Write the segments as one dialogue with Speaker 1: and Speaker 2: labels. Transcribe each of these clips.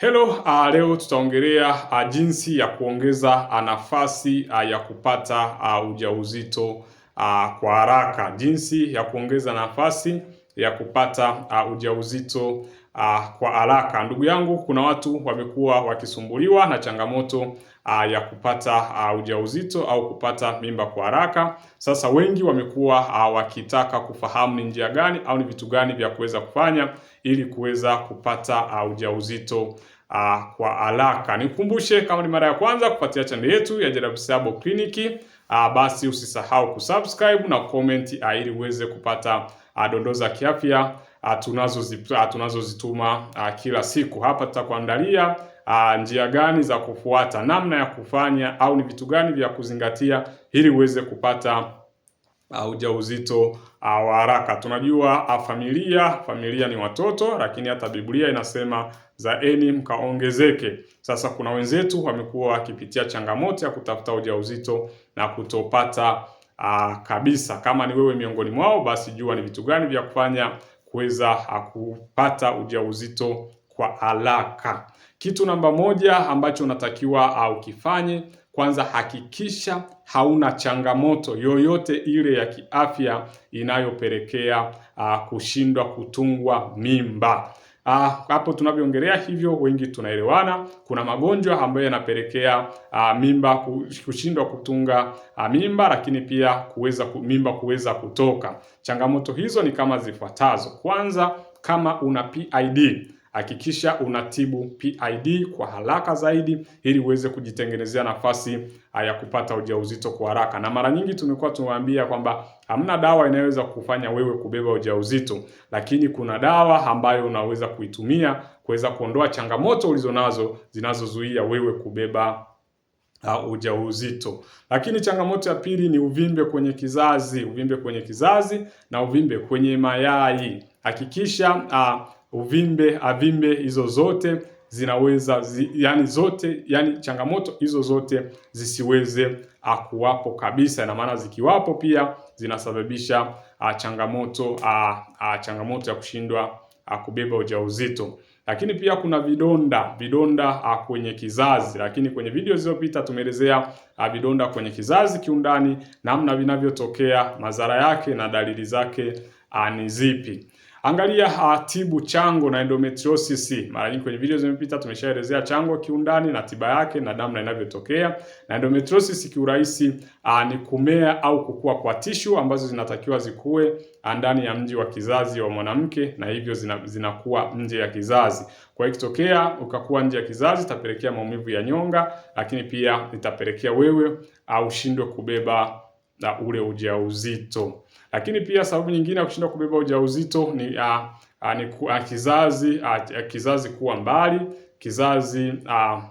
Speaker 1: Hello, uh, leo tutaongelea uh, jinsi ya kuongeza uh, nafasi uh, ya kupata uh, ujauzito uh, kwa haraka. Jinsi ya kuongeza nafasi ya kupata uh, ujauzito uh, kwa haraka. Ndugu yangu, kuna watu wamekuwa wakisumbuliwa na changamoto uh, ya kupata uh, ujauzito au kupata mimba kwa haraka. Sasa wengi wamekuwa uh, wakitaka kufahamu ni njia gani au ni vitu gani vya kuweza kufanya ili kuweza kupata uh, ujauzito Uh, kwa haraka. Nikukumbushe kama ni mara ya kwanza kufuatilia chaneli yetu ya Jarabi Sabo Kliniki, uh, basi usisahau kusubscribe na comment uh, ili uweze kupata uh, dondoo za kiafya tunazozituma tunazo ah, kila siku. Hapa tutakuandalia ah, njia gani za kufuata, namna ya kufanya au ni vitu gani vya kuzingatia ili uweze kupata Uh, ujauzito uh, wa haraka. Tunajua uh, familia familia ni watoto, lakini hata Biblia inasema zaeni mkaongezeke. Sasa kuna wenzetu wamekuwa wakipitia changamoto ya kutafuta ujauzito na kutopata uh, kabisa. Kama ni wewe miongoni mwao, basi jua ni vitu gani vya kufanya kuweza kupata ujauzito kwa haraka. Kitu namba moja ambacho unatakiwa ah, ukifanye, kwanza hakikisha hauna changamoto yoyote ile ya kiafya inayopelekea ah, kushindwa kutungwa mimba. Uh, hapo tunavyoongelea hivyo, wengi tunaelewana. Kuna magonjwa ambayo yanapelekea uh, mimba kushindwa kutunga uh, mimba, lakini pia kuweza mimba kuweza kutoka. Changamoto hizo ni kama zifuatazo. Kwanza, kama una PID hakikisha unatibu PID kwa haraka zaidi ili uweze kujitengenezea nafasi ah, ya kupata ujauzito kwa haraka. Na mara nyingi tumekuwa tunawaambia kwamba hamna dawa inayoweza kufanya wewe kubeba ujauzito, lakini kuna dawa ambayo unaweza kuitumia kuweza kuondoa changamoto ulizonazo zinazozuia wewe kubeba Uh, ujauzito. Lakini changamoto ya pili ni uvimbe kwenye kizazi, uvimbe kwenye kizazi na uvimbe kwenye mayai. Hakikisha uh, uvimbe, avimbe, hizo zote zinaweza zi, yani zote yani changamoto hizo zote zisiweze ah, kuwapo kabisa, na maana zikiwapo pia zinasababisha a, ah, changamoto a, ah, a, changamoto ya kushindwa kubeba ujauzito. Lakini pia kuna vidonda vidonda a, kwenye kizazi. Lakini kwenye video zilizopita tumeelezea vidonda kwenye kizazi kiundani, namna vinavyotokea, madhara yake na dalili zake ni zipi. Angalia ha, tibu chango na endometriosis. Mara nyingi kwenye video zimepita tumeshaelezea chango kiundani na tiba yake na namna inavyotokea. Na endometriosis kiurahisi ah, ni kumea au kukua kwa tishu ambazo zinatakiwa zikue ah, ndani ya mji wa kizazi wa mwanamke na hivyo zina, zinakuwa nje ya kizazi. Kwa hiyo ikitokea ukakuwa nje ya kizazi itapelekea maumivu ya nyonga, lakini pia itapelekea wewe au ah, ushindwe kubeba na ule ujauzito. Lakini pia sababu nyingine ya kushindwa kubeba ujauzito ni a, a, ni ku, a, kizazi a, kizazi kuwa mbali, kizazi a,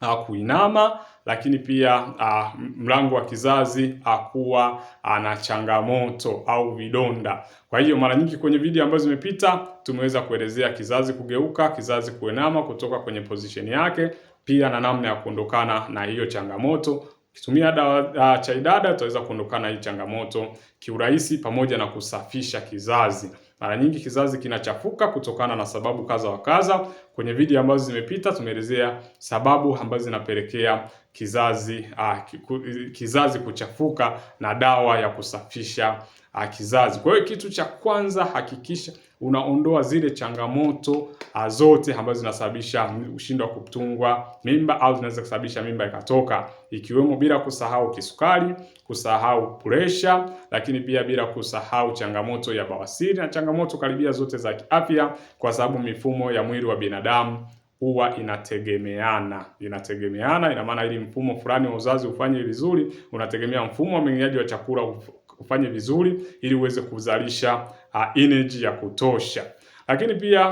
Speaker 1: a, kuinama, lakini pia uh, mlango wa kizazi akuwa ana uh, changamoto au vidonda. Kwa hiyo mara nyingi kwenye video ambazo zimepita tumeweza kuelezea kizazi kugeuka, kizazi kuinama kutoka kwenye position yake, pia na namna ya kuondokana na hiyo changamoto Ukitumia dawa uh, ah, chaidada utaweza kuondokana hii changamoto kiurahisi, pamoja na kusafisha kizazi. Mara nyingi kizazi kinachafuka kutokana na sababu kadha wa kadha. Kwenye video ambazo zimepita tumeelezea sababu ambazo zinapelekea kizazi ah, kizazi kuchafuka na dawa ya kusafisha kizazi. Kwa hiyo kitu cha kwanza, hakikisha unaondoa zile changamoto ah, zote ambazo zinasababisha ushindwa kutungwa mimba au zinaweza kusababisha mimba ikatoka, ikiwemo bila kusahau kisukari, kusahau presha, lakini pia bila kusahau changamoto ya bawasiri na changamoto karibia zote za kiafya, kwa sababu mifumo ya mwili wa binadamu huwa inategemeana inategemeana. Ina maana ili mfumo fulani wa uzazi ufanye vizuri, unategemea mfumo wa mmeng'enyaji wa chakula ufanye vizuri ili uweze kuzalisha uh, energy ya kutosha. Lakini pia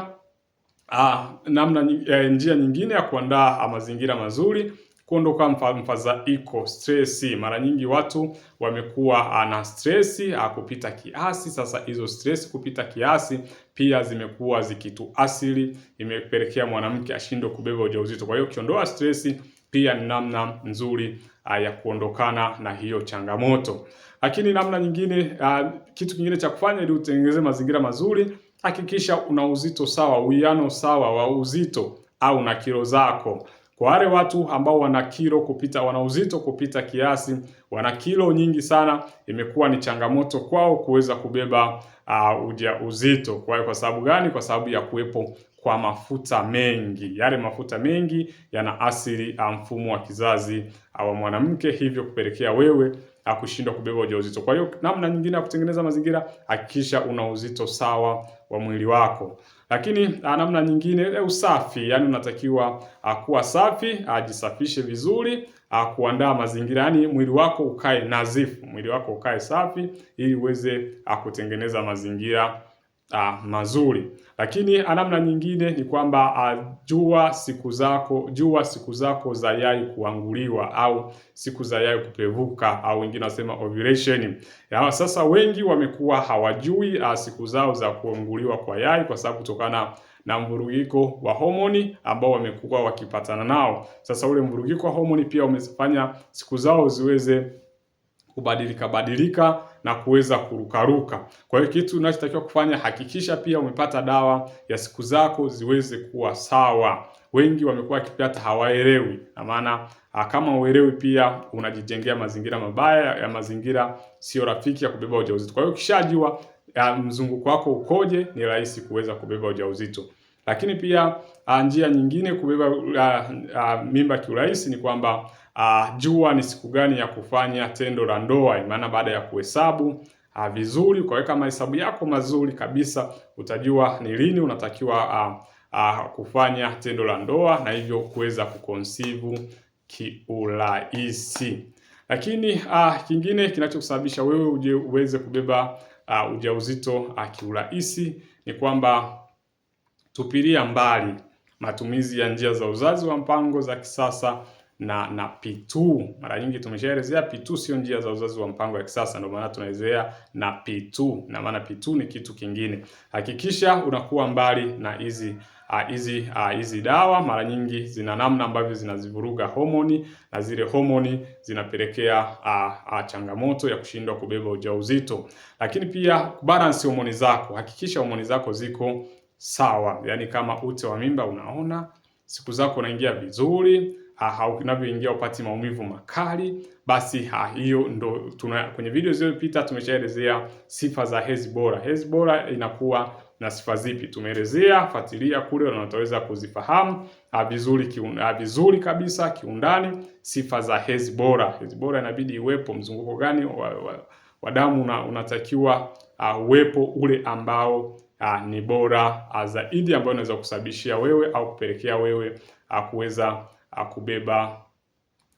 Speaker 1: uh, namna uh, njia nyingine ya kuandaa ah, mazingira mazuri kuondoka mfadhaiko stress. Mara nyingi watu wamekuwa na stress kupita kiasi. Sasa hizo stress kupita kiasi pia zimekuwa zikituasili, imepelekea mwanamke ashindwe kubeba ujauzito. Kwa hiyo ukiondoa stress pia ni namna nzuri uh, ya kuondokana na hiyo changamoto. Lakini namna nyingine uh, kitu kingine cha kufanya ili utengeneze mazingira mazuri, hakikisha una uzito sawa, uwiano sawa wa uzito au na kilo zako. Kwa wale watu ambao wana kilo kupita, wana uzito kupita kiasi, wana kilo nyingi sana, imekuwa ni changamoto kwao kuweza kubeba uh, uja uzito. Kwa kwa sababu gani? Kwa sababu ya kuwepo kwa mafuta mengi. Yale mafuta mengi yana asili mfumo wa kizazi wa mwanamke, hivyo kupelekea wewe kushindwa kubeba ujauzito. Kwa hiyo namna nyingine ya kutengeneza mazingira, hakikisha una uzito sawa wa mwili wako. Lakini ah, namna nyingine e, usafi, yani unatakiwa ah, kuwa safi, ajisafishe vizuri, ah, kuandaa mazingira, yani mwili wako ukae nadhifu, mwili wako ukae safi, ili uweze kutengeneza mazingira a, ah, mazuri. Lakini namna nyingine ni kwamba ah, jua siku zako jua siku zako za yai kuanguliwa au siku za yai kupevuka au wengine wanasema ovulation. Ya, sasa wengi wamekuwa hawajui a, ah, siku zao za kuanguliwa kwa yai kwa sababu kutokana na mvurugiko wa homoni ambao wamekuwa wakipatana nao. Sasa ule mvurugiko wa homoni pia umefanya siku zao ziweze kubadilika badilika na kuweza kurukaruka. Kwa hiyo kitu unachotakiwa kufanya, hakikisha pia umepata dawa ya siku zako ziweze kuwa sawa. Wengi wamekuwa wakipata hawaelewi, na maana ah, kama uelewi pia unajijengea mazingira mabaya ya mazingira sio rafiki ya kubeba ujauzito. Kwa hiyo ukishajua ah, mzunguko wako ukoje, ni rahisi kuweza kubeba ujauzito. Lakini pia ah, njia nyingine kubeba uh, uh, mimba kiurahisi ni kwamba uh, jua ni siku gani ya kufanya tendo la ndoa, maana baada ya kuhesabu uh, vizuri ukaweka mahesabu yako mazuri kabisa, utajua ni lini unatakiwa uh, uh, kufanya tendo la ndoa na hivyo kuweza kukonsivu kiurahisi. Lakini uh, kingine kinachokusababisha wewe uje uweze kubeba uh, ujauzito uh, kiurahisi ni kwamba Tupilia mbali matumizi ya njia za uzazi wa mpango za kisasa na na P2. Mara nyingi tumeshaelezea P2 sio njia za uzazi wa mpango ya kisasa, ndio maana tunaelezea na P2, na maana P2 ni kitu kingine. Hakikisha unakuwa mbali na hizi ah, hizi uh, hizi uh, dawa mara nyingi zina namna ambavyo zinazivuruga homoni na zile homoni zinapelekea uh, uh, changamoto ya kushindwa kubeba ujauzito. Lakini pia balance homoni zako, hakikisha homoni zako ziko sawa, yaani kama ute wa mimba unaona, siku zako unaingia vizuri ha, unavyoingia upati maumivu makali basi ha, hiyo ndo tuna, kwenye video zilizopita tumeshaelezea sifa za hezi bora. Hezi bora inakuwa na sifa zipi? Tumeelezea, fuatilia kule na utaweza kuzifahamu vizuri vizuri kabisa kiundani sifa za hezi bora. Hezi bora inabidi iwepo, mzunguko gani wa, wa, wa damu unatakiwa uwepo ule ambao a, ah, ni bora a, ah, zaidi ambayo inaweza kusababishia wewe au kupelekea wewe ah, kuweza kubeba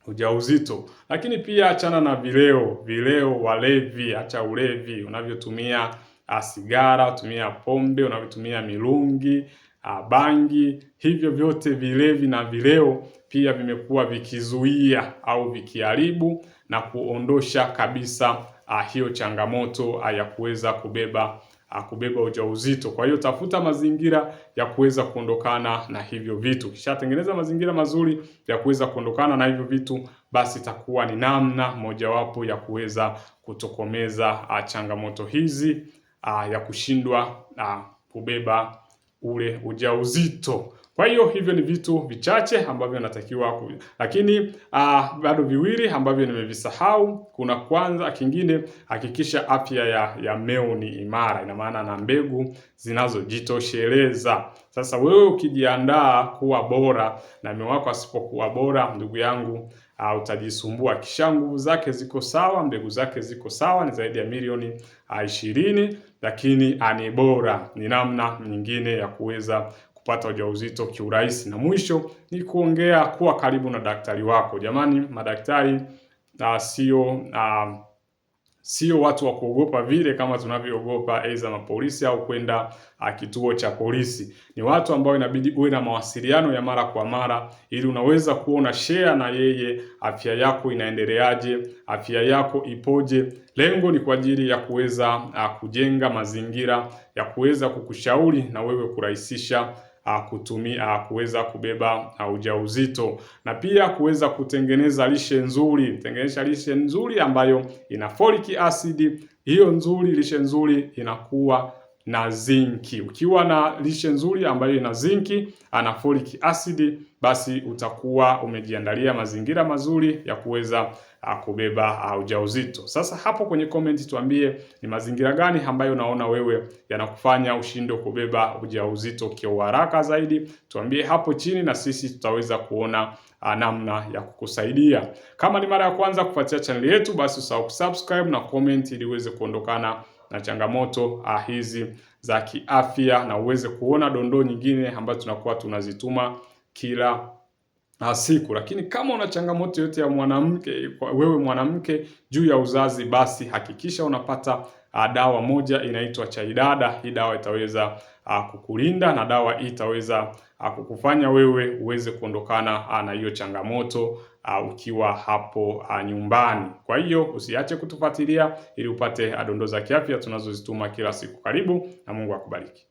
Speaker 1: ujauzito. Lakini pia achana na vileo, vileo, walevi, acha ulevi unavyotumia sigara, tumia pombe, unavyotumia milungi bangi, hivyo vyote vilevi na vileo pia vimekuwa vikizuia au vikiharibu na kuondosha kabisa a, hiyo changamoto a, ya kuweza kubeba kubeba ujauzito. Kwa hiyo tafuta mazingira ya kuweza kuondokana na hivyo vitu. kishatengeneza mazingira mazuri ya kuweza kuondokana na hivyo vitu, basi itakuwa ni namna mojawapo ya kuweza kutokomeza ah, changamoto hizi ah, ya kushindwa ah, kubeba ule ujauzito. Kwa hiyo hivyo ni vitu vichache ambavyo natakiwa ku, lakini uh, bado viwili ambavyo nimevisahau. Kuna kwanza kingine, hakikisha afya ya, ya meo ni imara, ina maana na mbegu zinazojitosheleza. Sasa wewe ukijiandaa kuwa bora na meo wako asipokuwa bora, ndugu yangu Uh, utajisumbua. Kisha nguvu zake ziko sawa, mbegu zake ziko sawa, ni zaidi ya milioni ah, ishirini, lakini ni bora, ni namna nyingine ya kuweza kupata ujauzito kiurahisi. Na mwisho ni kuongea, kuwa karibu na daktari wako. Jamani, madaktari ah, sio ah, sio watu wa kuogopa vile kama tunavyoogopa aidha mapolisi au kwenda ah, kituo cha polisi. Ni watu ambao inabidi uwe na mawasiliano ya mara kwa mara, ili unaweza kuona share na yeye afya yako inaendeleaje, afya yako ipoje. Lengo ni kwa ajili ya kuweza kujenga mazingira ya kuweza kukushauri na wewe kurahisisha kutumia kuweza kubeba ah, ujauzito na pia kuweza kutengeneza lishe nzuri. Tengeneza lishe nzuri ambayo ina folic acid, hiyo nzuri lishe nzuri inakuwa na zinki. Ukiwa na lishe nzuri ambayo ina zinki ana folic acid, basi utakuwa umejiandalia mazingira mazuri ya kuweza kubeba ujauzito. Sasa hapo kwenye comment tuambie ni mazingira gani ambayo unaona wewe yanakufanya ushindwe kubeba ujauzito kwa haraka zaidi. Tuambie hapo chini na sisi tutaweza kuona ah, namna ya kukusaidia. Kama ni mara ya kwanza kufuatia channel yetu, basi usahau kusubscribe na comment ili uweze kuondokana na changamoto ah, hizi za kiafya na uweze kuona dondoo nyingine ambazo tunakuwa tunazituma kila na siku. Lakini kama una changamoto yote ya mwanamke, wewe mwanamke juu ya uzazi, basi hakikisha unapata ah, dawa moja inaitwa Chaidada. Hii dawa itaweza ah, kukulinda na dawa hii itaweza ah, kukufanya wewe uweze kuondokana na hiyo changamoto ukiwa hapo nyumbani. Kwa hiyo usiache kutufuatilia ili upate dondoo za kiafya tunazozituma kila siku. Karibu na Mungu akubariki.